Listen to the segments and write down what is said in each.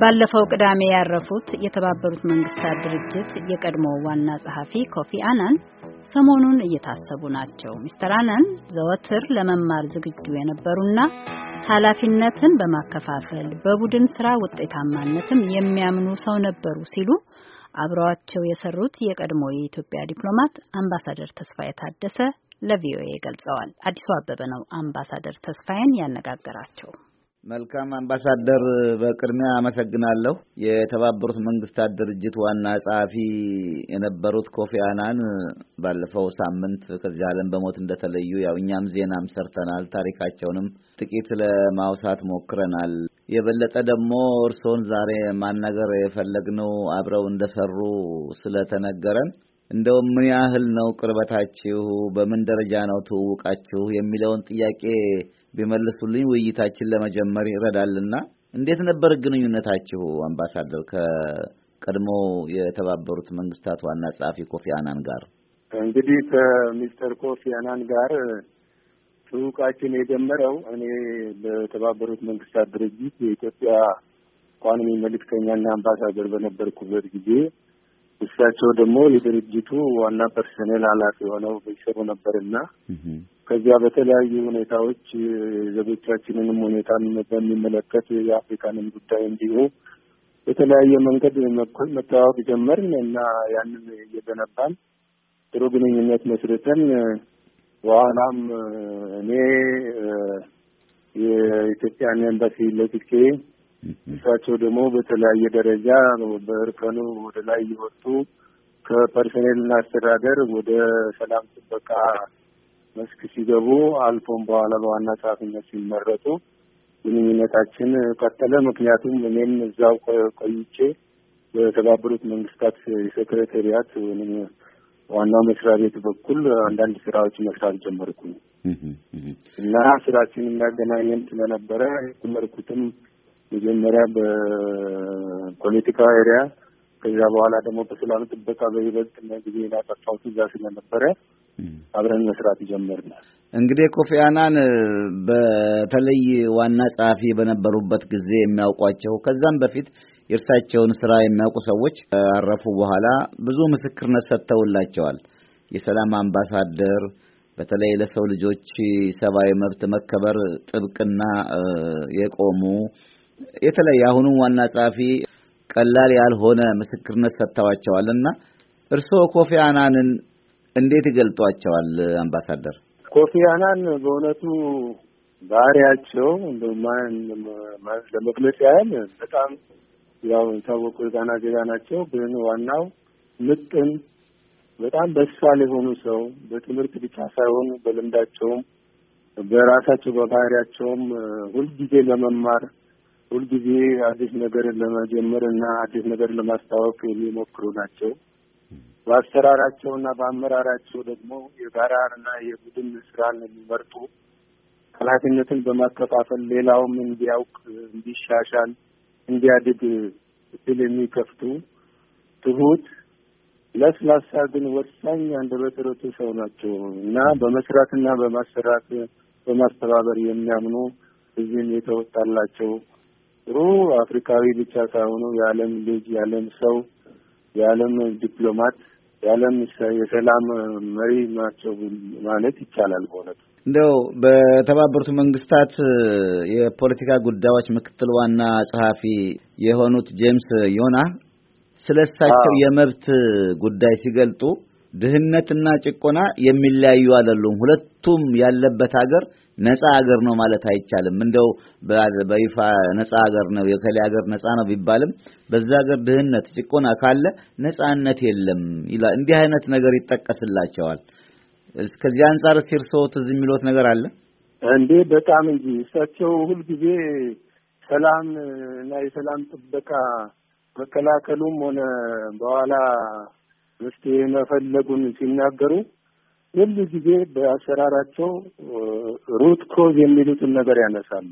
ባለፈው ቅዳሜ ያረፉት የተባበሩት መንግስታት ድርጅት የቀድሞ ዋና ጸሐፊ ኮፊ አናን ሰሞኑን እየታሰቡ ናቸው። ሚስተር አናን ዘወትር ለመማር ዝግጁ የነበሩና ኃላፊነትን በማከፋፈል በቡድን ስራ ውጤታማነትም የሚያምኑ ሰው ነበሩ ሲሉ አብረዋቸው የሰሩት የቀድሞ የኢትዮጵያ ዲፕሎማት አምባሳደር ተስፋዬ ታደሰ ለቪኦኤ ገልጸዋል። አዲሱ አበበ ነው አምባሳደር ተስፋዬን ያነጋገራቸው። መልካም አምባሳደር፣ በቅድሚያ አመሰግናለሁ። የተባበሩት መንግስታት ድርጅት ዋና ጸሐፊ የነበሩት ኮፊ አናን ባለፈው ሳምንት ከዚህ ዓለም በሞት እንደተለዩ ያው እኛም ዜናም ሰርተናል። ታሪካቸውንም ጥቂት ለማውሳት ሞክረናል። የበለጠ ደግሞ እርስዎን ዛሬ ማናገር የፈለግነው አብረው እንደሰሩ ስለተነገረን እንደውም ምን ያህል ነው ቅርበታችሁ፣ በምን ደረጃ ነው ትውውቃችሁ የሚለውን ጥያቄ ቢመልሱልኝ ውይይታችን ለመጀመር ይረዳልና እንዴት ነበር ግንኙነታችሁ አምባሳደር ከቀድሞ የተባበሩት መንግስታት ዋና ጸሐፊ ኮፊ አናን ጋር? እንግዲህ ከሚስተር ኮፊ አናን ጋር ትውቃችን የጀመረው እኔ በተባበሩት መንግስታት ድርጅት የኢትዮጵያ ቋንሚ መልእክተኛና አምባሳደር በነበርኩበት ጊዜ እሳቸው ደግሞ የድርጅቱ ዋና ፐርሰኔል ኃላፊ ሆነው ይሰሩ ነበርና ከዚያ በተለያዩ ሁኔታዎች ዜጎቻችንንም ሁኔታ በሚመለከት የአፍሪካንም ጉዳይ እንዲሁ በተለያየ መንገድ መተዋወቅ ጀመርን እና ያንን እየገነባን ጥሩ ግንኙነት መስርተን በኋላም እኔ የኢትዮጵያን ኤምባሲ ለቅቄ እሳቸው ደግሞ በተለያየ ደረጃ በእርከኑ ወደ ላይ እየወጡ ከፐርሰኔልና አስተዳደር ወደ ሰላም ጥበቃ መስክ ሲገቡ አልፎም በኋላ በዋና ጸሐፊነት ሲመረጡ ግንኙነታችን ቀጠለ። ምክንያቱም እኔም እዛው ቆይቼ በተባበሩት መንግስታት የሴክሬታሪያት ወይም ዋናው መስሪያ ቤት በኩል አንዳንድ ስራዎች መስራት ጀመርኩኝ እና ስራችን የሚያገናኘን ስለነበረ ጀመርኩትም መጀመሪያ በፖለቲካ ኤሪያ ከዛ በኋላ ደግሞ በሰላም ጥበቃ በይበልጥ ጊዜ ላጠፋሁት እዛ ስለነበረ አብረን መስራት ጀመርን። እንግዲህ ኮፊ አናን በተለይ ዋና ጸሐፊ በነበሩበት ጊዜ የሚያውቋቸው ከዛም በፊት የእርሳቸውን ስራ የሚያውቁ ሰዎች አረፉ በኋላ ብዙ ምስክርነት ሰጥተውላቸዋል። የሰላም አምባሳደር በተለይ ለሰው ልጆች ሰብአዊ መብት መከበር ጥብቅና የቆሙ የተለይ አሁኑ ዋና ጸሐፊ ቀላል ያልሆነ ምስክርነት ሰጥተዋቸዋልና እርስዎ ኮፊ አናንን እንዴት ይገልጧቸዋል? አምባሳደር ኮፊ አናን በእውነቱ ባህሪያቸው ለመግለጽ ያህል በጣም ያው የታወቁ የጋና ዜጋ ናቸው። ግን ዋናው ምጥን በጣም በሳል የሆኑ ሰው በትምህርት ብቻ ሳይሆን በልምዳቸውም በራሳቸው በባህሪያቸውም ሁልጊዜ ለመማር ሁልጊዜ አዲስ ነገር ለመጀመር እና አዲስ ነገር ለማስታወቅ የሚሞክሩ ናቸው። በአሰራራቸው እና በአመራራቸው ደግሞ የጋራ እና የቡድን ስራን የሚመርጡ ኃላፊነትን በማከፋፈል ሌላውም እንዲያውቅ እንዲሻሻል እንዲያድግ እድል የሚከፍቱ ትሁት፣ ለስላሳ ግን ወሳኝ አንደበተ ርቱዕ ሰው ናቸው እና በመስራትና በማሰራት በማስተባበር የሚያምኑ እዚህም የተወጣላቸው ጥሩ አፍሪካዊ ብቻ ሳይሆኑ የዓለም ልጅ፣ የዓለም ሰው፣ የዓለም ዲፕሎማት፣ የዓለም የሰላም መሪ ናቸው ማለት ይቻላል በእውነቱ። እንደው በተባበሩት መንግስታት የፖለቲካ ጉዳዮች ምክትል ዋና ጸሐፊ የሆኑት ጄምስ ዮና ስለ እሳቸው የመብት ጉዳይ ሲገልጡ ድህነትና ጭቆና የሚለያዩ አይደሉም፣ ሁለቱም ያለበት ሀገር ነፃ ሀገር ነው ማለት አይቻልም። እንደው በይፋ ነፃ ሀገር ነው የከሌ ሀገር ነፃ ነው ቢባልም በዛ ሀገር ድህነት፣ ጭቆና ካለ ነፃነት የለም ይላል። እንዲህ አይነት ነገር ይጠቀስላቸዋል። ከዚህ አንጻር ሲርሰው ትዝ የሚሉት ነገር አለ እንዴ? በጣም እንጂ እሳቸው ሁልጊዜ ሰላም እና የሰላም ጥበቃ መከላከሉም ሆነ በኋላ መፍትሄ መፈለጉን ሲናገሩ ሁሉ ጊዜ በአሰራራቸው ሩት ኮዝ የሚሉትን ነገር ያነሳሉ።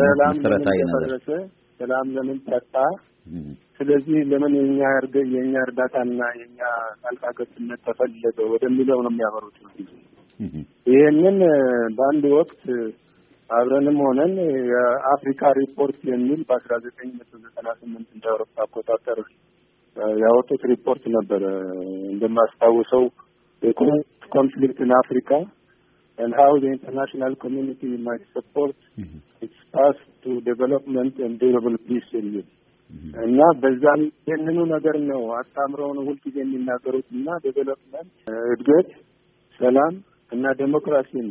ሰላም ለምን ተፈረሰ፣ ሰላም ለምን ጠጣ ስለዚህ ለምን የኛ እርገ የእኛ እርዳታና የእኛ ጣልቃ ገብነት ተፈለገ ወደሚለው ነው የሚያበሩት። ይህንን በአንድ ወቅት አብረንም ሆነን የአፍሪካ ሪፖርት የሚል በአስራ ዘጠኝ መቶ ዘጠና ስምንት እንደ አውሮፓ አቆጣጠር ያወጡት ሪፖርት ነበረ። እንደማስታውሰው ኮንፍሊክት ኢን አፍሪካ and how the international community might support its path to development and የሚል Mm-hmm. እና በዛም ይህንኑ ነገር ነው አጣምረውን ሁልጊዜ የሚናገሩት እና ዴቨሎፕመንት፣ እድገት፣ ሰላም እና ዴሞክራሲን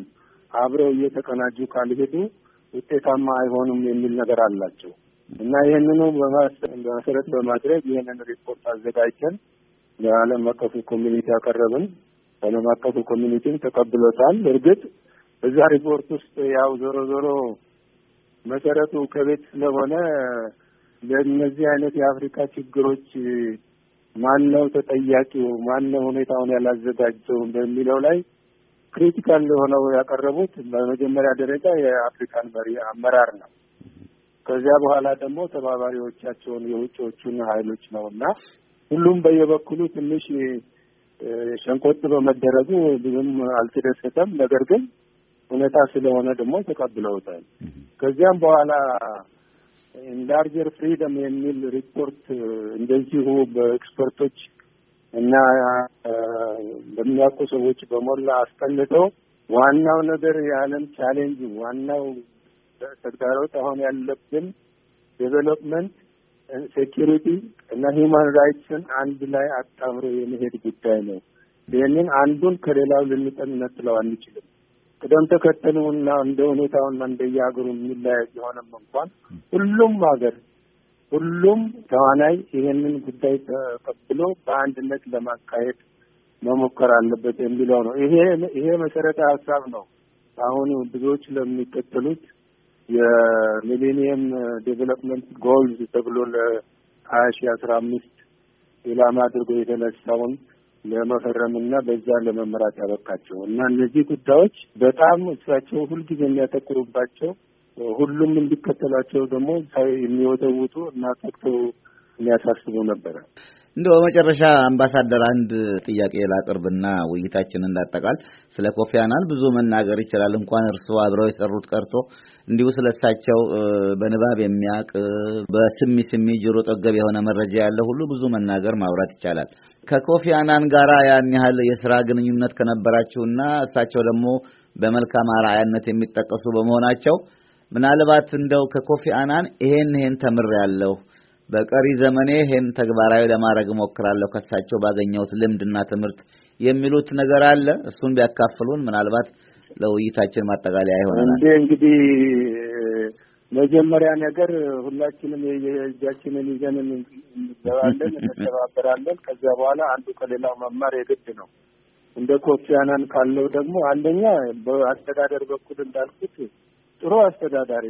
አብረው እየተቀናጁ ካልሄዱ ውጤታማ አይሆኑም የሚል ነገር አላቸው እና ይህንኑ በመሰረት በማድረግ ይህንን ሪፖርት አዘጋጅተን ለዓለም አቀፉ ኮሚኒቲ ያቀረብን፣ ዓለም አቀፉ ኮሚኒቲም ተቀብሎታል። እርግጥ እዛ ሪፖርት ውስጥ ያው ዞሮ ዞሮ መሰረቱ ከቤት ስለሆነ ለእነዚህ አይነት የአፍሪካ ችግሮች ማን ነው ተጠያቂው? ማን ነው ሁኔታውን ያላዘጋጀው በሚለው ላይ ክሪቲካል ሆነው ያቀረቡት በመጀመሪያ ደረጃ የአፍሪካን መሪ አመራር ነው። ከዚያ በኋላ ደግሞ ተባባሪዎቻቸውን የውጭዎቹን ኃይሎች ነው እና ሁሉም በየበኩሉ ትንሽ ሸንቆጥ በመደረጉ ብዙም አልተደሰተም። ነገር ግን እውነታ ስለሆነ ደግሞ ተቀብለውታል። ከዚያም በኋላ ላርጀር ፍሪደም የሚል ሪፖርት uh, እንደዚሁ በኤክስፐርቶች እና uh, በሚያውቁ ሰዎች በሞላ አስጠንተው ዋናው ነገር የዓለም ቻሌንጅ ዋናው ተግዳሮት አሁን ያለብን ዴቨሎፕመንት፣ ሴኪሪቲ እና ሂውማን ራይትስን አንድ ላይ አጣምሮ የመሄድ ጉዳይ ነው። ይህንን አንዱን ከሌላው ልንጠነጥለው አንችልም። ቅደም ተከተሉና እንደ ሁኔታውና እንደየሀገሩ የሚለያይ ቢሆንም እንኳን ሁሉም ሀገር ሁሉም ተዋናይ ይሄንን ጉዳይ ተቀብሎ በአንድነት ለማካሄድ መሞከር አለበት የሚለው ነው። ይሄ ይሄ መሰረተ ሀሳብ ነው። አሁን ብዙዎች ለሚቀጥሉት የሚሌኒየም ዴቨሎፕመንት ጎልዝ ተብሎ ለሀያ ሺ አስራ አምስት ኢላማ አድርጎ የተነሳውን ለመፈረምና በዛ ለመመራት ያበቃቸው እና እነዚህ ጉዳዮች በጣም እሳቸው ሁልጊዜ የሚያተኩሩባቸው ሁሉም እንዲከተላቸው ደግሞ የሚወተውቱ እና ተግተው የሚያሳስቡ ነበረ። እንደ በመጨረሻ አምባሳደር አንድ ጥያቄ ላቅርብና ውይይታችንን እንዳጠቃል። ስለ ኮፊ አናን ብዙ መናገር ይችላል። እንኳን እርስዎ አብረው የሰሩት ቀርቶ እንዲሁ ስለ እሳቸው በንባብ የሚያውቅ በስሚ ስሚ ጆሮ ጠገብ የሆነ መረጃ ያለ ሁሉ ብዙ መናገር ማውራት ይቻላል። ከኮፊ አናን ጋራ ያን ያህል የስራ ግንኙነት ከነበራችሁና እሳቸው ደግሞ በመልካም አርአያነት የሚጠቀሱ በመሆናቸው ምናልባት እንደው ከኮፊ አናን ይሄን ይሄን ተምሬያለሁ በቀሪ ዘመኔ ይሄን ተግባራዊ ለማድረግ እሞክራለሁ ከሳቸው ባገኘሁት ልምድና ትምህርት የሚሉት ነገር አለ። እሱን ቢያካፍሉን ምናልባት ለውይይታችን ማጠቃለያ ይሆናል። እንግዲህ መጀመሪያ ነገር ሁላችንም የእጃችንን ይዘን እንገባለን፣ እንተባበራለን። ከዚያ በኋላ አንዱ ከሌላው መማር የግድ ነው። እንደ ኮፊ አናን ካለው ደግሞ አንደኛ በአስተዳደር በኩል እንዳልኩት ጥሩ አስተዳዳሪ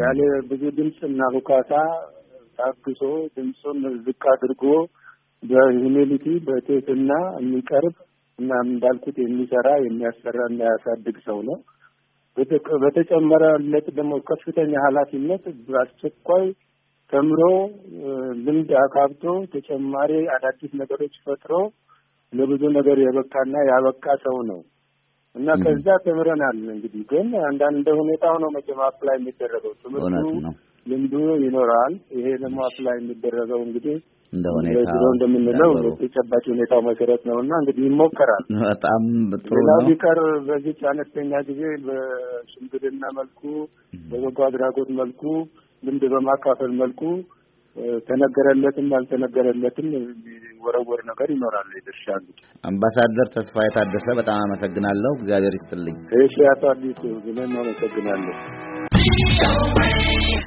ያለ ብዙ ድምፅና ሁካታ ታግሶ ድምፁን ዝቅ አድርጎ በሂዩሜኒቲ በትህትና የሚቀርብ እና እንዳልኩት የሚሰራ የሚያሰራ የሚያሳድግ ሰው ነው። በተጨመረለት ደግሞ ከፍተኛ ኃላፊነት በአስቸኳይ ተምሮ ልምድ አካብቶ ተጨማሪ አዳዲስ ነገሮች ፈጥሮ ለብዙ ነገር የበቃና ያበቃ ሰው ነው እና ከዛ ተምረናል። እንግዲህ ግን አንዳንድ እንደ ሁኔታ ነው መቼም ላይ የሚደረገው ትምህርቱ ልምዱ ይኖራል። ይሄ ደግሞ አፕላይ የሚደረገው እንግዲህ እንደ ሁኔታው እንደምንለው ተጨባጭ ሁኔታው መሰረት ነው እና እንግዲህ ይሞከራል። በጣም ጥሩ ነው። ሌላው ቢቀር በዚህ አነስተኛ ጊዜ በሽምግልና መልኩ፣ በበጎ አድራጎት መልኩ፣ ልምድ በማካፈል መልኩ ተነገረለትም አልተነገረለትም ወረወር ነገር ይኖራል። የድርሻ እንግዲህ አምባሳደር ተስፋ የታደሰ በጣም አመሰግናለሁ። እግዚአብሔር ይስጥልኝ። እሺ አቶ አዲሱ ብለን አመሰግናለሁ።